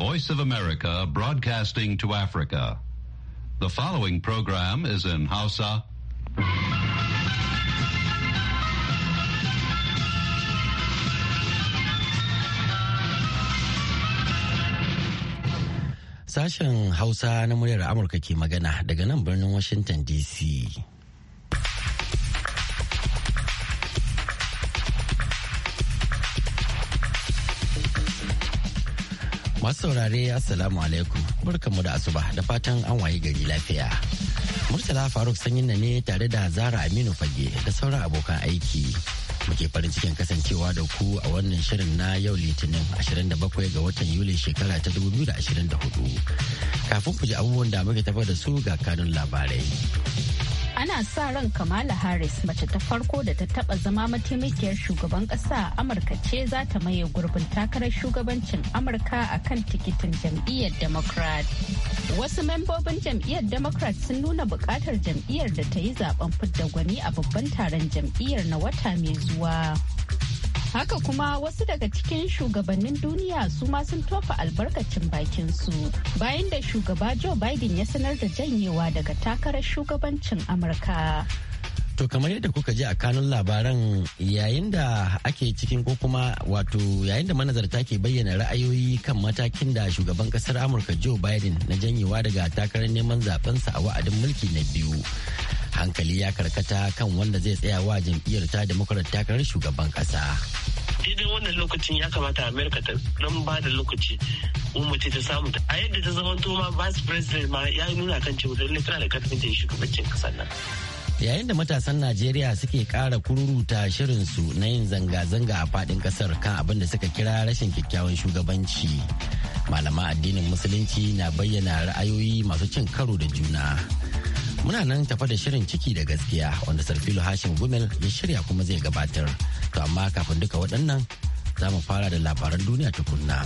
Voice of America broadcasting to Africa. The following program is in Hausa. Sashen Hausa na muryar Amurka ke magana daga nan birnin Washington DC. Masu saurare Assalamu alaikum barkamu da asuba da fatan an waye gari lafiya. Murtala Faruk sanyin na ne tare da Zara Aminu Fage da sauran abokan aiki. Muke farin cikin kasancewa da ku a wannan shirin na yau Litinin 27 ga watan Yuli shekara ta 2024. Kafin ku ji abubuwan da muke tafa da su ga kanun labarai. ana sa ran kamala harris mace ta farko da ta taba zama mataimakiyar shugaban kasa a amurka ce za ta maye gurbin takarar shugabancin amurka a kan tikitin jam'iyyar democrat wasu membobin jam'iyyar democrat sun nuna bukatar jam'iyyar da ta yi zaben fidda gwani a babban taron jam'iyyar na wata mai zuwa Haka kuma wasu daga cikin shugabannin duniya su ma sun tofa albarkacin bakin su bayan da shugaba Joe Biden ya sanar da janyewa daga takarar shugabancin Amurka. To kamar yadda kuka ji a kanun labaran yayin da ake cikin ko kuma wato yayin da manazarta ke bayyana ra'ayoyi kan matakin da shugaban kasar Amurka Joe Biden na janyewa daga takarar neman zabensa a wa'adin mulki na biyu. Hankali ya karkata kan wanda zai tsaya wa jam'iyyar ta Democrat takarar shugaban kasa. daidai wannan lokacin ya kamata Amerika ta nan ba da lokaci ce ta samu a yadda ta zama ma vice president ma ya nuna kan cewa ne tana da karfin da shugabancin kasar nan yayin da matasan najeriya suke kara kururuta shirinsu na yin zanga-zanga a fadin kasar kan abin da suka kira rashin kyakkyawan shugabanci malama addinin musulunci na bayyana ra'ayoyi masu cin karo da juna muna nan tafa da shirin ciki da gaskiya wanda sarfilo hashin gumel ya shirya kuma zai gabatar to amma kafin duka waɗannan za mu fara da labaran duniya tukunna.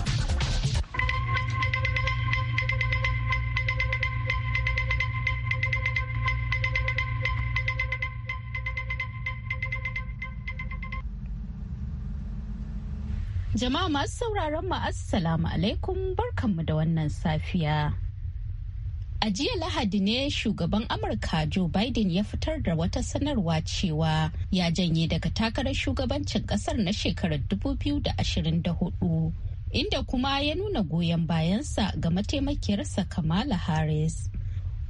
Jama'a masu sauraron mu assalamu alaikum barkanmu da wannan safiya. A jiya Lahadi ne shugaban Amurka Joe Biden ya fitar da wata sanarwa cewa ya janye daga takarar shugabancin kasar na shekarar 2024. Inda kuma ya nuna goyon bayansa ga mataimakiyarsa Kamala Harris.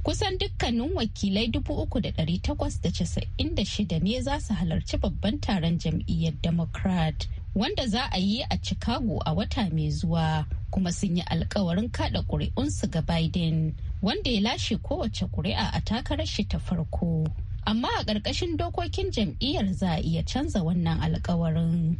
Kusan dukkanin wakilai 3,896 ne za su halarci babban taron jam'iyyar Democrat. wanda za a yi a Chicago a wata mai zuwa kuma sun yi alkawarin kada ƙuri'unsu ga Biden wanda ya lashe kowace ƙuri'a a takarar shi ta farko. Amma a ƙarƙashin dokokin jam'iyyar za a iya canza wannan alkawarin.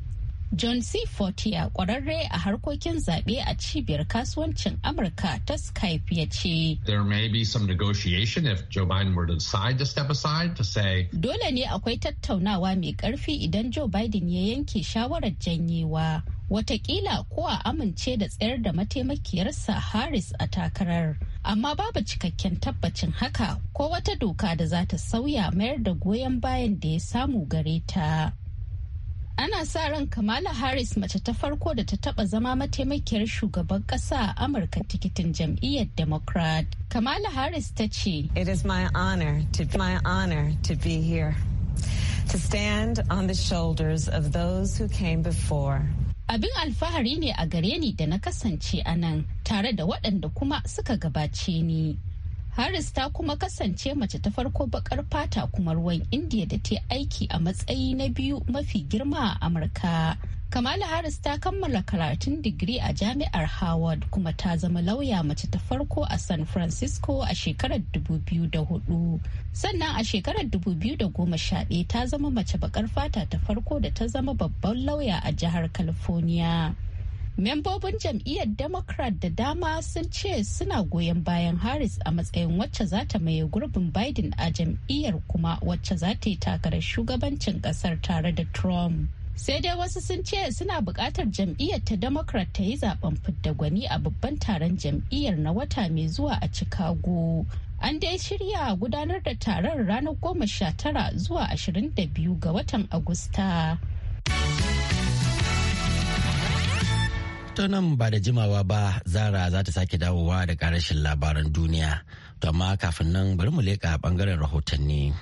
John C. Fortier kwararre a harkokin zaɓe a cibiyar kasuwancin Amurka ta Skype ya ce. There may be some negotiation if Joe Biden were to decide to step aside to say. Dole ne akwai tattaunawa mai ƙarfi idan Joe Biden ya yanke shawarar janyewa. wataƙila ko a amince da tsayar da mataimakiyarsa Harris a takarar. Amma babu cikakken tabbacin haka ko wata doka da za ta sauya mayar da goyon bayan da ya samu gare ta. ana sa ran kamala harris mace ta farko da ta taba zama mataimakiyar shugaban kasa a amurka tikitin jam'iyyar democrat kamala harris ta ce it is my honor to be, my honor to be here to stand on the shoulders of those who came before abin alfahari ne a gare ni da na kasance a nan tare da waɗanda kuma suka gabace ni Harris ta kuma kasance mace ta farko bakar fata kuma ruwan Indiya da ta aiki a matsayi na biyu mafi girma a Amurka. Kamala Harris ta kammala karatun digiri a jami'ar Howard kuma ta zama lauya mace ta farko a San Francisco a shekarar 2004. Sannan a shekarar 2011 ta zama mace bakar fata ta farko da ta zama babban lauya a jihar California. Membobin jam'iyyar Democrat da dama sun ce suna goyon bayan Harris a matsayin wacce za ta maye gurbin Biden a jam'iyyar kuma wacce za ta yi takarar shugabancin kasar tare da Trump. Sai dai wasu sun ce suna buƙatar jam'iyyar ta Democrat ta yi zaben fidda gwani a babban taron jam'iyyar na wata mai zuwa a Chicago. An dai shirya gudanar da taron ranar goma sha tara zuwa ashirin da biyu ga watan Agusta. ta nan ba da jimawa ba zara za ta sake dawowa da karashin labaran duniya to amma kafin nan bari mu leƙa bangaren rahotanni.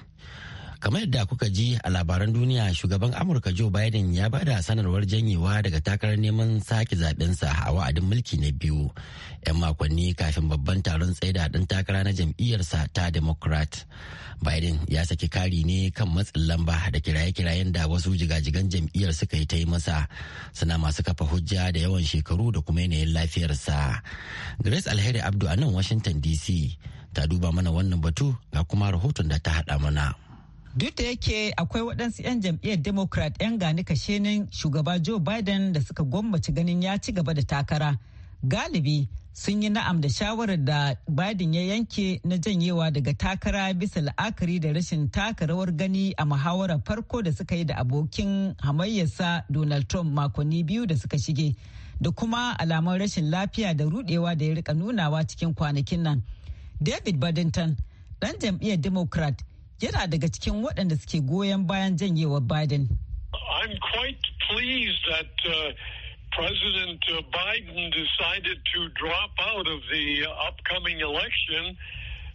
kamar yadda kuka ji a labaran duniya shugaban amurka joe biden ya ba da sanarwar janyewa daga takarar neman sake zaɓensa a wa'adin mulki na biyu 'yan makonni kafin babban taron tsaida ɗin takara na jam'iyyarsa ta democrat biden ya saki kari ne kan matsin lamba da kiraye-kirayen da wasu jigajigan jam'iyyar suka yi ta yi masa suna masu kafa hujja da yawan shekaru da kuma yanayin lafiyarsa grace alheri abdu a nan washington dc ta duba mana wannan batu ga kuma rahoton da ta haɗa mana. duk da yake akwai waɗansu 'yan jam'iyyar democrat 'yan gani nin shugaba joe biden da suka gwammaci ganin ya ci gaba da takara galibi sun yi na'am da shawarar da biden ya yanke na janyewa daga takara bisa la'akari da rashin taka rawar gani a muhawarar farko da suka yi da abokin hamayyarsa donald trump makonni biyu da suka shige da kuma alamar rashin lafiya da rudewa da ya rika nunawa cikin kwanakin nan david badinton ɗan jam'iyyar democrat yana daga cikin waɗanda suke goyon bayan janyewar Biden. I'm quite pleased that uh, President uh, Biden decided to drop out of the uh, upcoming election.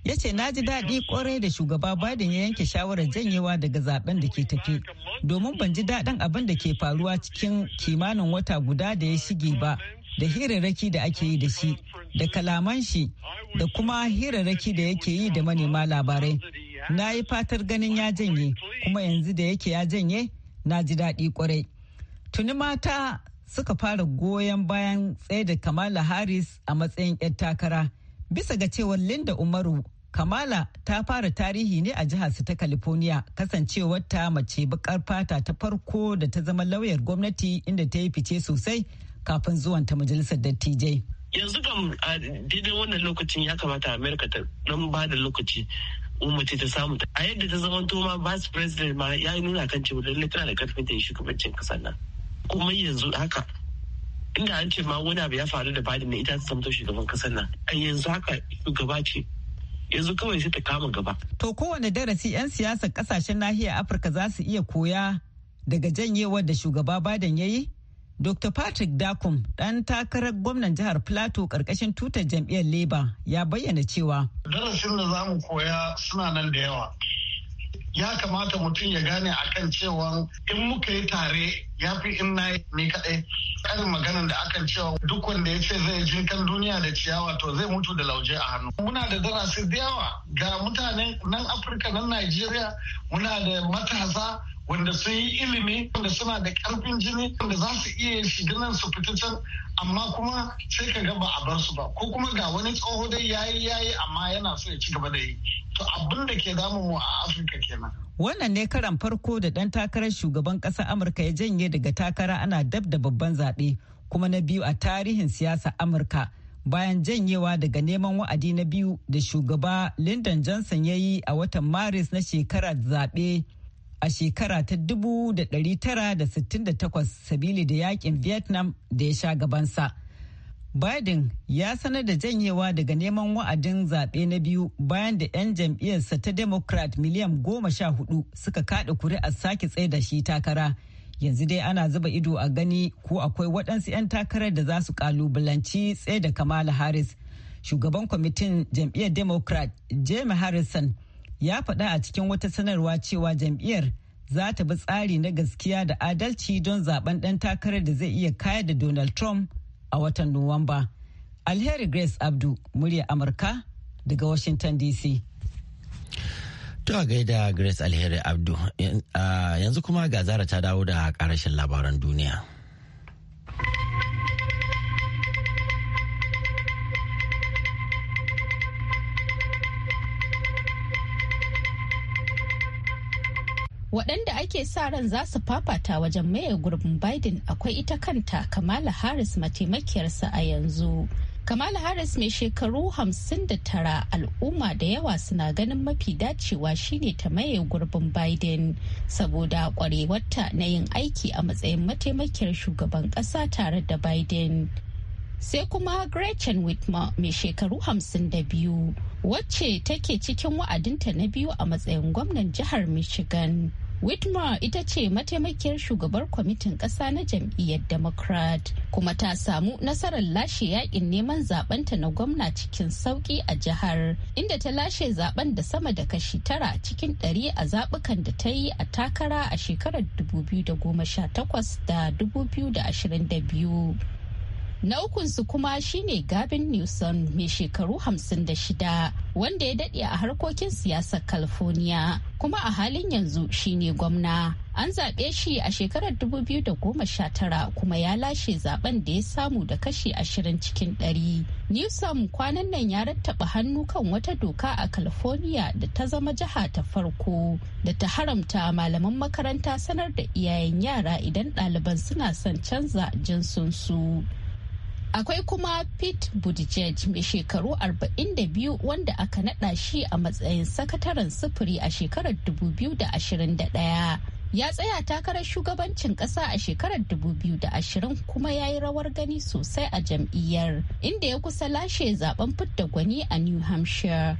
ya ce na ji daɗi kwarai da shugaba Biden ya yanke shawarar janyewa daga zaben da ke tafi domin ban ji daɗin abin da ke faruwa cikin kimanin wata guda da ya shige ba da hirarraki da ake yi da shi da kalaman shi da kuma hirarraki da yake yi da manema labarai na yi fatar ganin ya janye kuma yanzu da yake ya janye na ji daɗi kwarai tuni mata suka fara goyon bayan tsaye da kamala harris a matsayin 'yan takara bisa ga cewar linda umaru kamala ta fara tarihi ne a jihar su ta california kasancewar ta mace bakar fata ta farko da ta zama lauyar gwamnati inda ta yi fice sosai kafin zuwan ta majalisar dattijai yanzu kam a daidai wannan lokacin ya kamata amerika ta dan ba da lokaci umma ce ta samu a yadda ta zama toma vice president ma ya nuna kan cewa lallai tana da karfin ta yi shugabancin kasar nan kuma yanzu haka inda an ce ma wani abu ya faru da Biden na ita ta zamto shugaban kasar nan a yanzu haka shugaba ce yanzu kawai sai ta kama gaba. To kowane darasi 'yan siyasar kasashen nahiyar Afirka za su iya koya daga janyewar da shugaba Biden ya yi? Dr. Patrick Dakum, ɗan takarar gwamnan jihar Plateau ƙarƙashin tutar jam'iyyar Labour, ya bayyana cewa. Darasin da za mu koya suna nan da yawa. Ya kamata mutum ya gane a kan cewa in muka yi tare ya fi in na ni kaɗai. Karin maganan da akan cewa duk wanda ya ce zai jinkan duniya da ciyawa to zai mutu da lauje a hannu. Muna da darasi da yawa ga mutanen nan Afirka nan Najeriya muna da matasa wanda sun yi ilimi wanda suna da karfin jini wanda za su iya shiga nan su fita can amma kuma sai ka ga ba a bar su ba ko kuma ga wani tsoho dai yayi yayi amma yana so ya ci gaba da yi to abin da ke damu mu a afirka kenan wannan ne karan farko da dan takarar shugaban ƙasar amurka ya janye daga takara ana dab da babban zaɓe kuma na biyu a tarihin siyasa amurka bayan janyewa daga neman wa'adi na biyu da shugaba lyndon johnson ya yi a watan maris na shekarar zaɓe a shekara ta 1968 sabili da yakin Vietnam da ya sha gabansa. Biden ya sanar da janyewa daga neman wa'adin zaɓe na biyu bayan da 'yan jam'iyyarsa ta Democrat miliyan goma sha hudu suka kaɗa kuri'ar sake da shi takara. Yanzu dai ana zuba ido a gani ko akwai waɗansu 'yan takarar da za su ƙalubalanci da Kamala Harris. Shugaban kwamitin jam'iyyar Democrat Jamie Harrison ya faɗa a cikin wata sanarwa cewa jam'iyyar za ta bi tsari na gaskiya da adalci don zaben ɗan takarar da zai iya kayar da Donald Trump a watan Nuwamba. Alheri Grace Abdu, murya Amurka daga Washington DC. To gaida Grace Alheri Abdu, yanzu kuma ga zara ta dawo da ƙarashin labaran duniya. waɗanda ake sa ran za su fafata wajen maye gurbin biden akwai ita kanta kamala harris mataimakiyarsa a yanzu kamala harris mai shekaru 59 al'umma da yawa suna ganin mafi dacewa shine ta maye gurbin biden saboda kwarewarta na yin aiki a matsayin mataimakiyar shugaban ƙasa tare da biden sai kuma Gretchen Whitmer mai shekaru 52 wacce take cikin wa'adinta na biyu a matsayin gwamnan jihar Michigan. Whitmer ita ce mataimakiyar shugabar kwamitin ƙasa na jam'iyyar Democrat kuma ta samu nasarar lashe yakin neman zabenta na gwamna cikin sauƙi a jihar inda ta lashe zaben da sama da kashi tara cikin ɗari a zaɓukan da ta yi a takara a shekarar 2018 da 2022. Na ukunsu kuma shine Gavin Newsom mai shekaru 56 wanda ya daɗe a harkokin siyasar California kuma a halin yanzu shine gwamna. An zaɓe shi a shekarar 2019 kuma ya lashe zaben da ya samu da kashi 20 cikin 100. Newsom kwanan nan ya rattaba hannu kan wata doka a California da ta zama jiha ta farko da ta haramta malaman makaranta sanar da iyayen yara idan ɗaliban suna son canza jinsinsu. akwai kuma pete buttigieg mai shekaru 42 wanda aka nada shi a matsayin sakataren sufuri a shekarar 2021 ya tsaya takarar shugabancin ƙasa a shekarar 2020 kuma ya yi rawar gani sosai a jam'iyyar inda ya kusa lashe zaben fidda gwani a new hampshire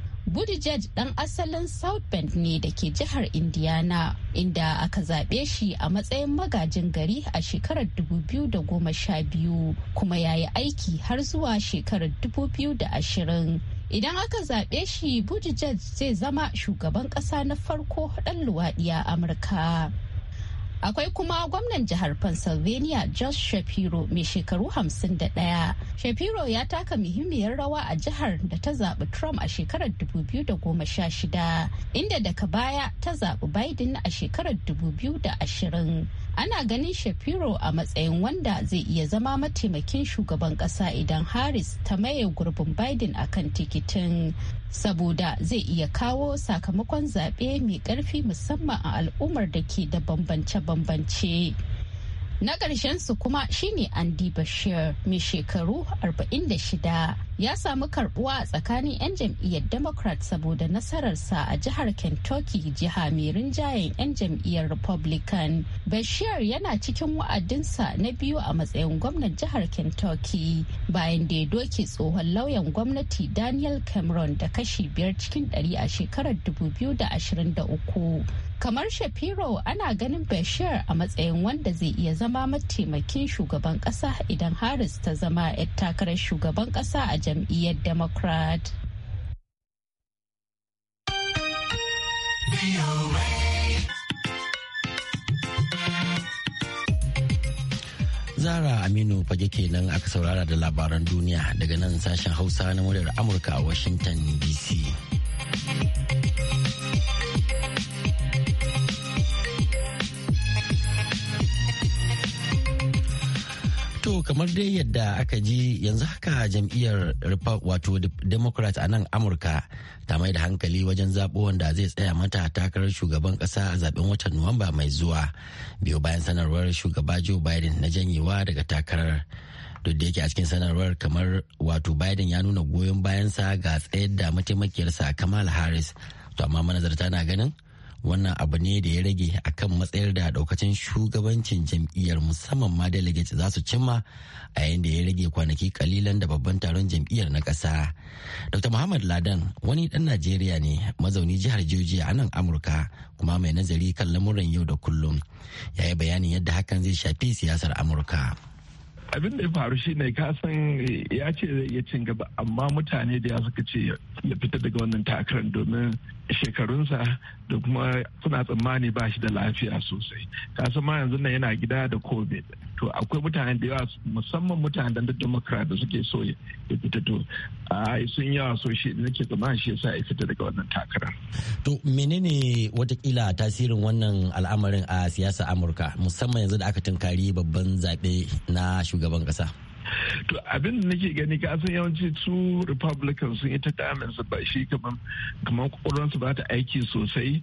judge dan asalin South Bend ne da ke jihar Indiana, inda aka zaɓe shi a matsayin magajin gari a shekarar 2012 kuma ya yi aiki har zuwa shekarar 2020. Idan aka zaɓe shi Buttigieg zai zama shugaban ƙasa na farko ɗan luwaɗi a Amurka. Akwai kuma gwamnan jihar Pennsylvania Josh Shapiro mai shekaru 51. Shapiro ya taka muhimmiyar rawa a jihar da ta zaɓi Trump a shekarar 2016, inda daga baya ta zaɓi Biden a shekarar 2020. ana ganin shapiro a matsayin wanda zai iya zama mataimakin shugaban kasa idan harris ta maye gurbin biden a kan tikitin saboda zai iya kawo sakamakon zaɓe mai ƙarfi musamman a al'ummar da ke da bambance-bambance na ƙarshen su kuma shine andy bashir mai shekaru 46 ya samu karbuwa a tsakanin 'yan jam'iyyar democrat saboda nasararsa a jihar kentucky jiha mai rinjayen 'yan jam'iyyar republican bashir yana cikin wa'adinsa na biyu a matsayin gwamnan jihar kentucky bayan da ya doke tsohon lauyan gwamnati daniel cameron da kashi biyar cikin ɗari a shekarar 2023 kamar shapiro ana ganin bashir a matsayin wanda zai iya zama mataimakin shugaban kasa idan harris ta zama 'yar takarar shugaban kasa a jam'iyyar democrat Zara Aminu fage kenan aka saurara da labaran duniya daga nan sashen Hausa na muryar Amurka a Washington DC. kamar dai yadda aka ji yanzu haka jam'iyyar wato democrat a nan amurka ta mai da hankali wajen zaɓo wanda zai tsaya mata takarar shugaban ƙasa a zaɓen watan nuwamba mai zuwa biyu bayan sanarwar shugaba joe biden na janyewa daga takarar duk da yake a cikin sanarwar kamar wato biden ya nuna goyon bayansa ga tsayar da mataimakiyarsa kamala harris to amma manazarta na ganin wannan abu ne da ya rage a kan matsayar da daukacin shugabancin jam'iyyar musamman ma delegates za su cimma a yayin da ya rage kwanaki kalilan da babban taron jam'iyyar na ƙasa. dr muhammad ladan wani dan najeriya ne mazauni jihar Jojiya a nan amurka kuma mai nazari kan lamuran yau da kullum ya yi bayanin yadda hakan zai shafi siyasar amurka. abin da ya faru shine ka san ya ce zai iya cin gaba amma mutane da ya suka ce ya fita daga wannan takarar domin shekarunsa da kuma suna tsammani ba shi da lafiya sosai ka san ma yanzu nan yana gida da covid to akwai mutane da yawa musamman mutanen da democrat da suke so ya fita to a sun yawa so shi nake tsammanin shi yasa ya fita daga wannan takarar to menene watakila tasirin wannan al'amarin a siyasa amurka musamman yanzu da aka tunkari babban zaɓe na shugaban ƙasa to abin da nake gani ka san yawanci su republicans sun ita damin su ba shi kaman kaman su ba ta aiki sosai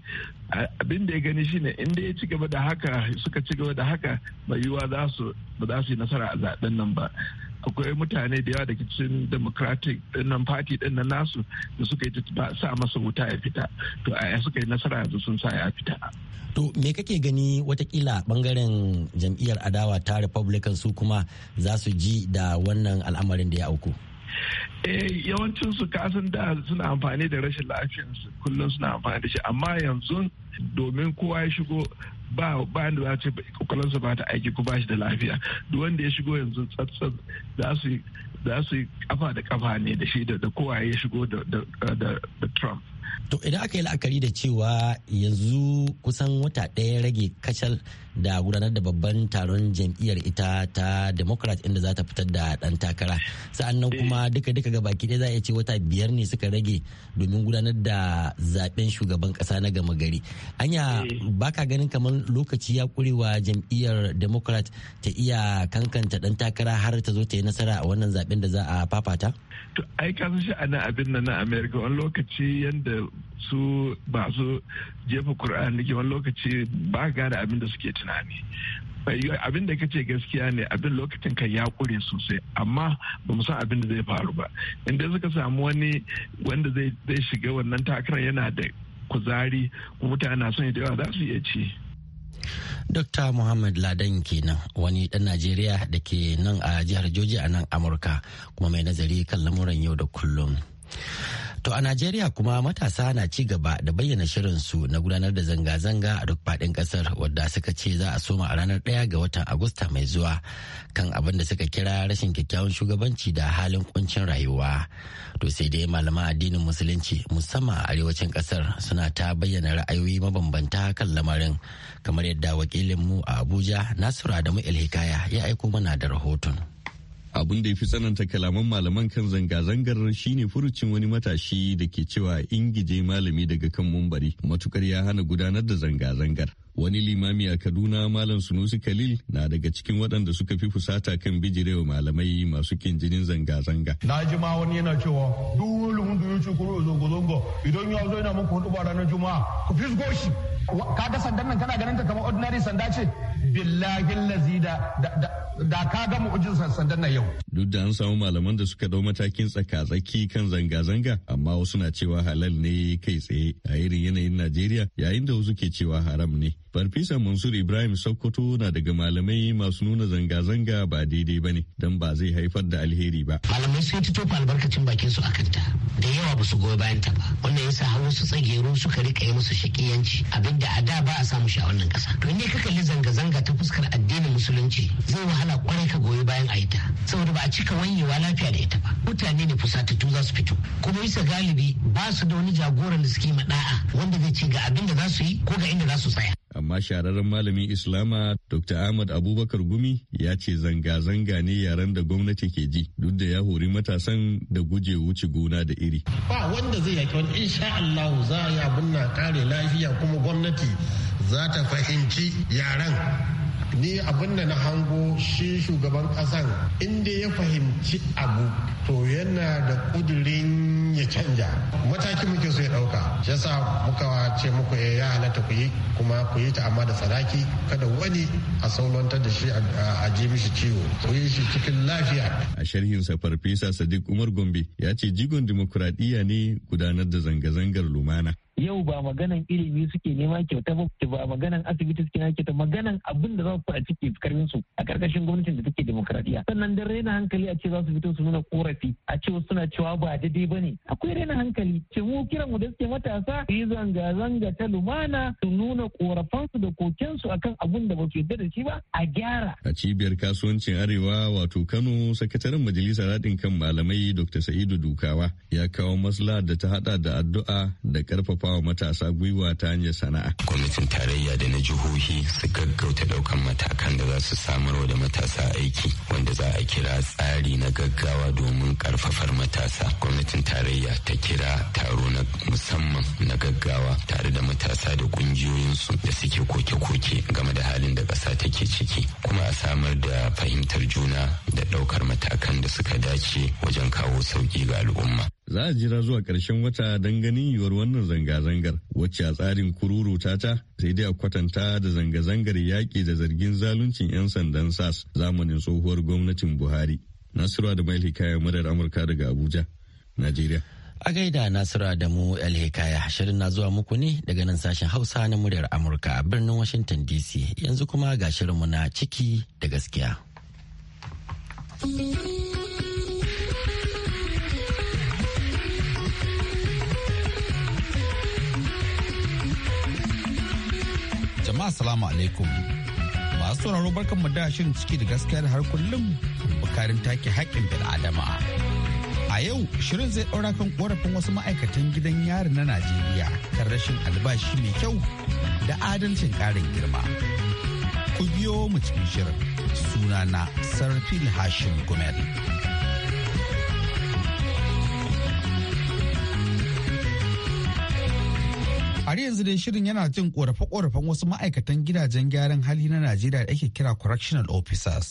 abin da ya gani shine inda ya ci gaba da haka suka ci gaba da haka mai yiwuwa za su ba za su yi nasara a zaben nan ba akwai mutane da yawa daga cikin democratic dinnan party na nasu da suka yi sa masa wuta ya fita to a suka yi nasara yanzu sun sa ya fita to me kake gani watakila bangaren jam'iyyar adawa ta republican su kuma za su ji da wannan al'amarin da ya auku eh, yawancin su kasan da suna amfani da rashin lafiyarsu kullum suna amfani da shi amma yanzu domin kowa ya shigo ba ba da za ce kwakwalwarsa ba ta aiki ko ba shi da lafiya duk wanda ya shigo yanzu tsatsan za su za su yi kafa da kafa ne da shi da kowa ya shigo da Trump To idan aka yi la'akari da cewa yanzu kusan wata ɗaya rage kacal da gudanar da babban taron jam'iyyar ita ta Democrat inda za ta fitar da ɗan takara. Sa'an nan eh. kuma duka-duka ga baki ɗaya za a ce wata biyar ne suka rage domin gudanar da zaben shugaban ƙasa na gama gari. Anya eh. baka ganin kamar lokaci ya ƙurewa jam'iyyar Democrat ta iya kankanta ɗan takara har ta zo ta yi nasara a wannan zaben da za a fafata? to ai kasan shi a nan abin nan na america wani lokaci yadda su ba jefa kur'an nake wani lokaci ba gane abin da suke tunani abin da kace gaskiya ne abin lokacin kan ya kure sosai amma ba mu san abin da zai faru ba inda suka samu wani wanda zai shiga wannan takarar yana da kuzari mutane na son da yawa za su iya ci Dr. Muhammad Ladan kenan wani ɗan Najeriya da ke nan a jihar Joji a nan Amurka kuma mai nazari kan lamuran yau da kullum. To a Najeriya kuma matasa na ci gaba da bayyana shirinsu na gudanar da zanga-zanga a duk faɗin ƙasar wadda suka ce za a soma a ranar ɗaya ga watan Agusta mai zuwa kan abin da suka kira rashin kyakkyawan shugabanci da halin kuncin rayuwa. To sai dai malaman addinin musulunci musamman a arewacin ƙasar suna ta bayyana ra'ayoyi mabambanta kan lamarin kamar yadda wakilinmu a Abuja Nasiru Adamu Ilhikaya ya aiko mana da rahoton. abin da ya fi tsananta kalaman malaman kan zanga-zangar shine furucin wani matashi da ke cewa ingije malami daga kan mumbari matukar ya hana gudanar da zanga-zangar wani limami a kaduna malam sunusi khalil na daga cikin waɗanda suka fi fusata kan bijirewa malamai masu kin jinin zanga-zanga na ji ma wani yana cewa duk wani mun ya ce kuro zongo-zongo idan ya zo yana muku hudu ba ranar juma'a ku fisgo shi ka ga sandan nan kana ganin ta kamar ordinary sanda ce billahi lazida da ka ga mu'ujizar sandan na yau. Duk da an samu malaman da suka dau matakin tsaka-tsaki kan zanga-zanga amma wasu na cewa halal ne kai tsaye a irin yanayin Najeriya yayin da wasu ke cewa haram ne. Farfisa Mansur Ibrahim Sokoto na daga malamai masu nuna zanga-zanga ba daidai ba ne don ba zai haifar da alheri ba. Malamai sun ci tofa albarkacin bakin su akan ta da yawa ba su goyi bayan ta ba. Wannan ya sa hawa su tsageru suka rika yi musu shakiyanci abinda a da ba a samu shi a wannan kasa. To ne ka kalli zanga-zanga ga ta fuskar addinin musulunci zai wahala kwarai ka goyi bayan a ita saboda ba a cika wanyewa lafiya da ita ba mutane ne fusatattu za su fito kuma bisa galibi ba su da wani jagoran da suke maɗa'a wanda zai ce ga abin da za su yi ko ga inda za su tsaya amma shahararren malamin islama dr ahmad abubakar gumi ya ce zanga-zanga ne yaren da gwamnati ke ji duk da ya hori matasan da guje wuce gona da iri ba wanda zai yaki wani insha allahu za a yi abin na kare lafiya kuma gwamnati za ta fahimci yaren ni abin da na hango shi shugaban kasan inda ya fahimci abu to yana da kudurin ya canja mataki muke so ya dauka yasa muka ce muku eh, ya halatta ku yi kuma ku yi ta amma da sadaki kada wani a saulantar da shi a ji mishi ciwo ku yi shi cikin lafiya a sharhin sharhinsa farfesa sadiq umar gombe ya ce jigon dimokuraɗiyya ne gudanar da zanga-zangar lumana yau ba maganan ilimi suke nema kyauta ba ba maganan asibiti suke nema kyauta maganan abin da za su a ciki karfin su a karkashin gwamnatin da take demokradiya sannan dan raina hankali a ce za su fito su nuna korafi a ce suna cewa ba daidai ba ne. akwai raina hankali ce mu kiran mu da suke matasa yi zanga zanga ta lumana su nuna korafansu da kokensu akan abin da ba su yadda da shi ba a gyara a cibiyar kasuwancin arewa wato Kano sakataren majalisar haɗin kan malamai Dr. Sa'idu Dukawa ya kawo maslaha da ta haɗa da addu'a da karfafa karfafawa matasa gwiwa ta hanyar sana'a. kwamitin tarayya da na jihohi su gaggauta daukan matakan da za su samarwa da matasa aiki wanda za a kira tsari na gaggawa domin karfafar matasa. Gwamnatin tarayya ta kira taro na musamman na gaggawa tare da matasa da kungiyoyinsu da suke koke-koke game da halin da ƙasa take ciki kuma a samar da fahimtar juna da ɗaukar matakan da suka dace wajen kawo sauƙi ga al'umma. Za a jira zuwa ƙarshen wata don ganin yiwuwar wannan zanga-zangar wacce a tsarin kururu ta ta sai dai a kwatanta da zanga-zangar yaƙi da zargin zaluncin 'yan sandan SAS zamanin tsohuwar gwamnatin Buhari. Nasiru da Mail Hikaya murar Amurka daga Abuja, Najeriya. A gaida Nasiru Adamu El Hikaya shirin na zuwa muku ne daga nan sashen Hausa na muryar Amurka a birnin Washington DC yanzu kuma ga shirinmu na ciki da gaskiya. jama'a salamu alaikum masu sauraro barkan mu da shirin ciki da gaskiyar har kullum bukarin take haƙƙin Adama. a yau shirin zai ɗaura kan ƙorafin wasu ma'aikatan gidan yari na najeriya kan rashin albashi mai kyau da adalcin ƙarin girma ku biyo mu cikin shirin sunana sarfil hashim gumel har yanzu dai shirin yana jin korafe-korafen wasu ma'aikatan gidajen gyaran hali na najeriya da ake kira correctional officers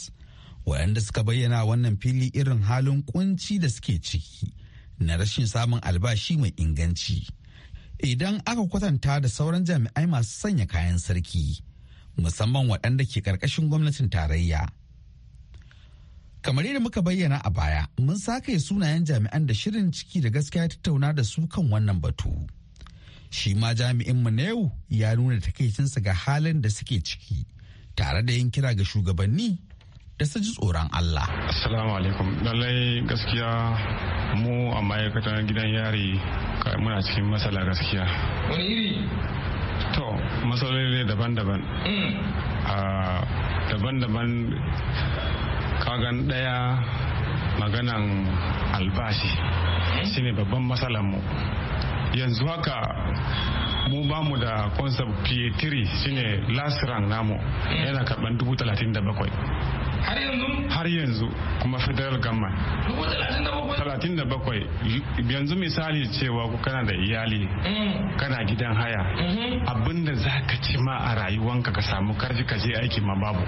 waɗanda suka bayyana wannan fili irin halin kunci da suke ciki na rashin samun albashi mai inganci idan aka kwatanta da sauran jami'ai masu sanya kayan sarki musamman waɗanda ke ƙarƙashin gwamnatin tarayya kamar yadda muka bayyana a baya mun sake sunayen jami'an da shirin ciki da gaskiya tattauna da su kan wannan batu. shi ma jami'inmu na yau ya nuna takaicinsa ga halin da suke ciki tare da yin kira ga shugabanni da su ji tsoron Allah. Assalamu alaikum. Lallai gaskiya mu a ma'aikatan gidan yari muna cikin matsala gaskiya. Wani iri? To, matsaloli ne daban-daban. Mm. Daban-daban kagan ɗaya maganan albashi mm. shine babban matsalar mu. yanzu haka mu ba mu da concept p 3 shine last rank namu yana karban dubu talatin da bakwai har yanzu har yanzu kuma federal government talatin yanzu misali cewa kana da iyali mm. kana gidan haya mm-hmm. abinda za ka ci ma a rayuwanka ka samu karfi ka je aiki ma babu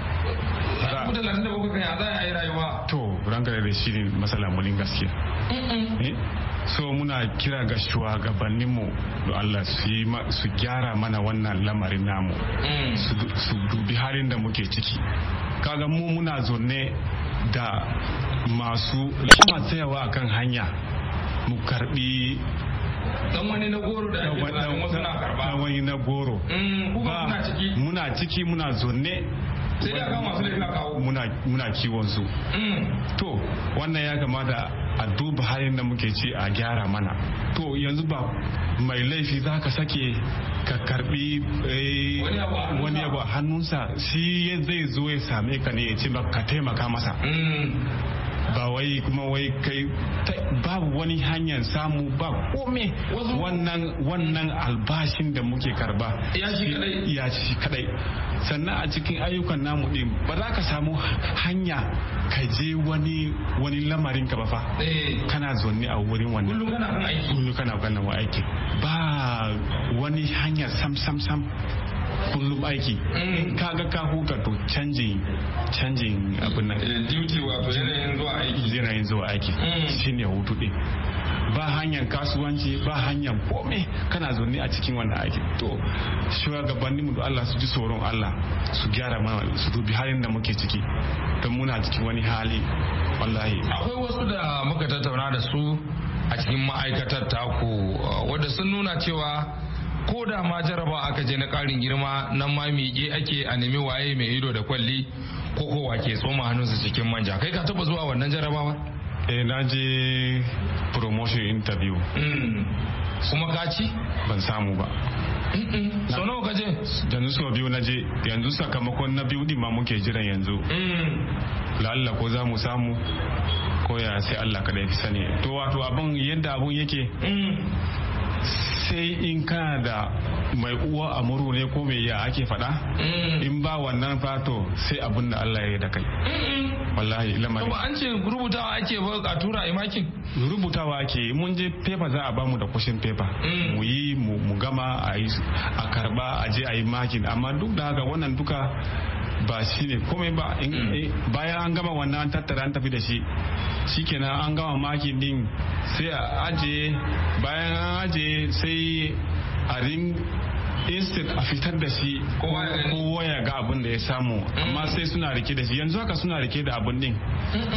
to da shi ne masala mulin gaskiya eh? so muna kira ga mu. da Allah su gyara mana wannan lamarin namu mm. su dubi halin da muke ciki kaga mu muna zonne da masu lama tsayawa kan hanya mu karbi dan wani na goro da ake wasu wani na goro mm, muna ciki muna zonne sai muna kiwon su mm. to wannan ya kamata a duba halin da muke ci a gyara mana to yanzu ba mai laifi za ka sake ka karbi eh, wani abu a hannunsa shi zai zo ya same ka ne ya ce ka taimaka masa mm. ba wai kuma wai kai babu wani hanyar samu ba kome wannan wannan albashin da muke karba ya shi kadai sannan a cikin ayyukan namu din ba za ka samu hanya ka je wani wani lamarin ka ba fa eh. kana zonni a wurin wannan kullum kana kana aiki ba wani hanya sam sam sam kullum aiki in ka ga ka huta to canjin canjin abin nan eh, duty wato yanayin zuwa aiki yanayin zuwa aiki mm. shine hutu din ba hanyar kasuwanci ba hanyar komai kana zaune a cikin wannan aiki to gabanin mu Allah su ji tsoron Allah su gyara mana su dubi halin da muke ciki don muna cikin wani hali wallahi akwai wasu da muka tattauna da su a cikin ma'aikatar taku uh, wanda sun nuna cewa ko da ma jaraba aka je na ƙarin girma nan ma miƙe ake a nemi waye mai ido da kwalli ko kowa ke tsoma hannunsa cikin manja kai ka taba zuwa wannan jarabawa eh na je promotion interview mm. kuma ka ci ban samu ba so nawa ka je yanzu so biyu na je yanzu sakamakon na biyu din ma muke jiran yanzu mm. la'alla ko za mu samu ko ya sai Allah kada ya fi sani to wato abin yadda abun yake mm. sai in kana da mai uwa a muru ne ko mai ya ake fada. Mm. in ba wannan fato sai abin da Allah ya yi da kai wallahi lamari. ba an ce rubutawa ake ba a tura imakin rubutawa ake mun je paper za a bamu da kushin paper mm. mu yi mu gama a karba a je a yi makin amma duk da haka wannan duka ba shi ne komai ba mm. eh, bayan an gama wannan an tattara an tafi da shi shikenan an gama makin din sai a ajiye bayan an ajiye sai a ring instant a fitar da shi kowa ya ga abin da ya samu mm. amma sai suna rike da shi yanzu haka suna rike da abin din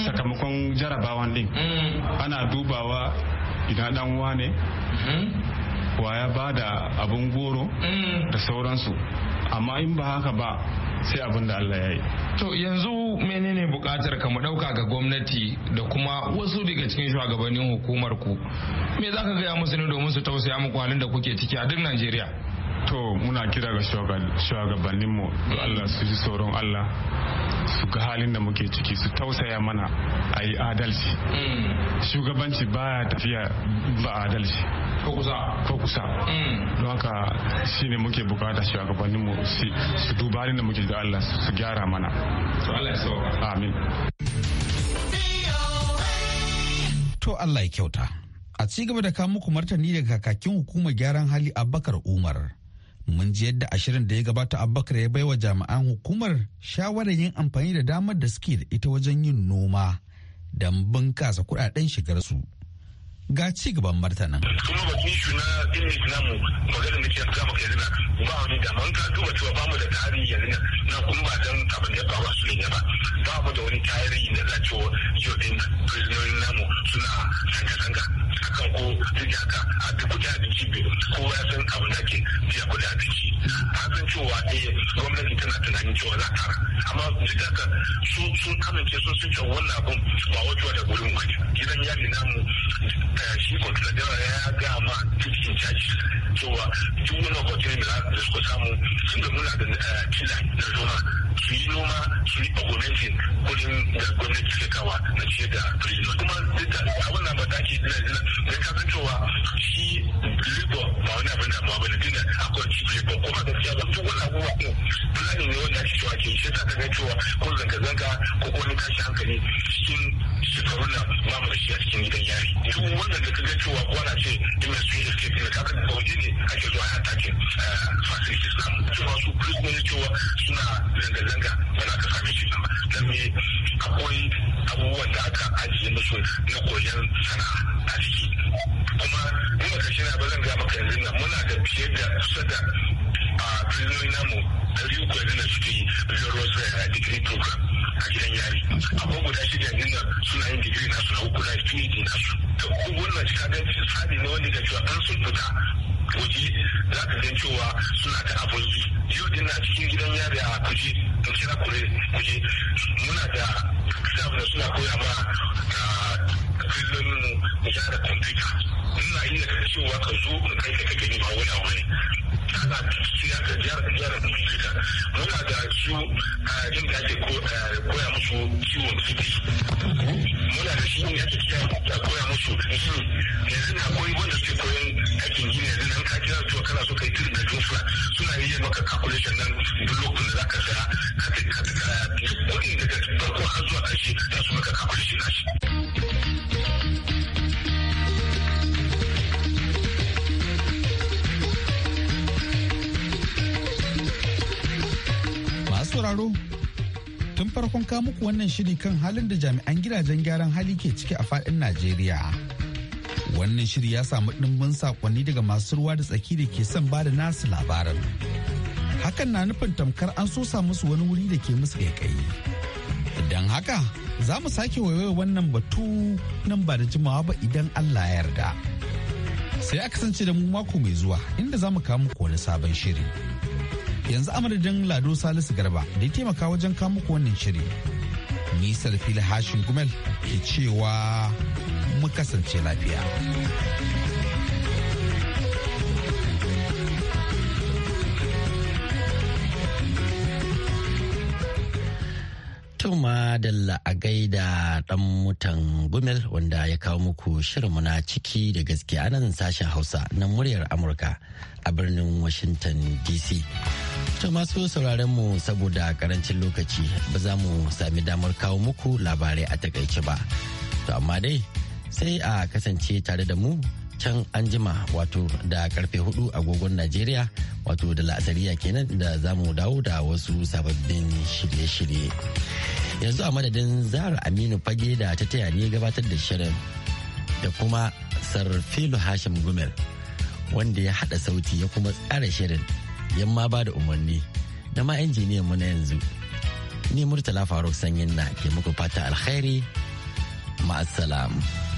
sakamakon jarabawan din mm. ana dubawa idan dan wane ne mm-hmm. wa ya ba da abin goro da sauransu amma in ba haka ba sai abin da Allah ya yi. To yanzu menene bukatar ka mu dauka ga gwamnati da kuma wasu daga cikin shugabannin hukumar ku. Me za ka gaya musu ne domin su tausaya muku halin da kuke ciki a duk Najeriya? to muna kira ga shugabanninmu Allah su ji tsoron Allah su ga halin da muke ciki su tausaya mana a yi adalci mm. shugabanci baya tafiya ba adalci ko kusa ko kusa mm. don haka shine muke bukata shugabanninmu su duba halin da muke da Allah su gyara mana to Allah ya amin to Allah ya kyauta a ci gaba da kawo muku martani daga kakakin hukumar gyaran hali abakar umar mun ji yadda ashirin da ya gabata abubakar ya baiwa jami'an hukumar shawarar yin amfani da damar da suke da ita wajen yin noma don bunkasa kudaden shigarsu ga ci gaban martanin. kuma ba kin shuna din ne namu magana da ke kama kai zina ba wani da man ka duba cewa ba mu da tarihi yanzu na kuma ba dan abin da ba su ne ba ba mu da wani tarihi da za ce yau din prisonerin namu suna sanga-sanga kan ko duk haka a duk kuɗi abinci bai kowa ya san abin da ke biya kuɗi abinci ta san cewa eh gwamnati tana tunanin cewa za ta amma duk da haka sun amince sun sun cewa wannan abin ba wajewa da gurin bane gidan yari namu shi controller da ya ga ma cikin caji cewa duk wani opportunity da za su samu sun da muna da kila na noma su yi noma su yi augmenting kudin da gwamnati suke kawa na ce da kuma duk da abin nan ba ta ke dina don ka cewa shi labor ba wani abin damuwa ba ne tunda akwai chief labor kuma gaskiya ba duk wani abubuwa ɗin planning ne wanda ake cewa ke shi ta ga cewa ko zanga-zanga ko wani tashi hankali cikin shekarun nan ba mu da shi a cikin gidan yari duk wanda da ka ga cewa ko ana ce ina su yi escape ne ka ga waje ne ake zuwa ya take eh, facilities na mu cewa su prisoners cewa suna zanga-zanga ba za ka same shi ba dan me akwai abubuwan da aka ajiye musu na koyon sana'a a ciki kuma in baka na ba zan ga maka yanzu na muna da fiye da kusa da a prisoner namu ɗari uku yanzu na suke yi a degree program a gidan yari akwai guda shida yanzu nan suna yin digiri nasu na uku na su. nasu da kowanne cika kaga tsari na wani ga cewa an sun fita waje za ka gan cewa suna ta abun yi yau din na cikin gidan yari a kuje kira sai za ku kuje muna da staff da suna koya ma kullum ah, mu gyara kwamfuta ina iya cewa ka zo in kai ka gani ba wani abu ne suna da jihar jihar Afirka muna da su da ake koya musu ciwon sifili muna da shi ne ake koya musu yanzu na koyi wanda suke koyon aikin gini yanzu nan ka kira su kana so kai tirin da jofa suna yi maka calculation nan duk da zaka saya ka ka kuɗin daga farko har zuwa ƙarshe za su maka calculation nashi. sauraro, tun farkon ka muku wannan shiri kan halin da jami'an gidajen gyaran hali ke ciki a faɗin Najeriya. Wannan shiri ya samu ɗimbin sakonni daga masu ruwa da tsaki da ke son bada nasu labarin. Hakan na nufin tamkar an so musu wani wuri da ke musu kai-kai. Don haka, za mu sake waiwai wannan batu nan ba da jimawa ba idan Allah ya yarda. Sai a kasance da mu mako mai zuwa inda za mu kawo muku wani sabon shiri. yanzu amadadin lado salisu garba da ya taimaka wajen muku wannan shiri da fili hashin gumel ke cewa mu kasance lafiya Tuma da a gaida ɗan mutan Gumel wanda ya kawo muku shirinmu na ciki da gaske a nan sashen Hausa na muryar Amurka a birnin Washington DC. To masu sauraron mu saboda karancin lokaci ba za mu sami damar kawo muku labarai a takaice ba. To amma dai sai a kasance tare da mu can an jima wato da karfe hudu agogon najeriya wato da la'asariya kenan da za mu dawo da wasu sababbin shirye-shirye yanzu a madadin zahar aminu fage da ta taya ne gabatar da shirin da kuma sarfilu hashim gumel wanda ya hada sauti ya kuma tsara shirin yamma ba da umarni da ma injiniyan mu na yanzu ni murtala faruk sanyin na ke muku fata alkhairi ma'asalam.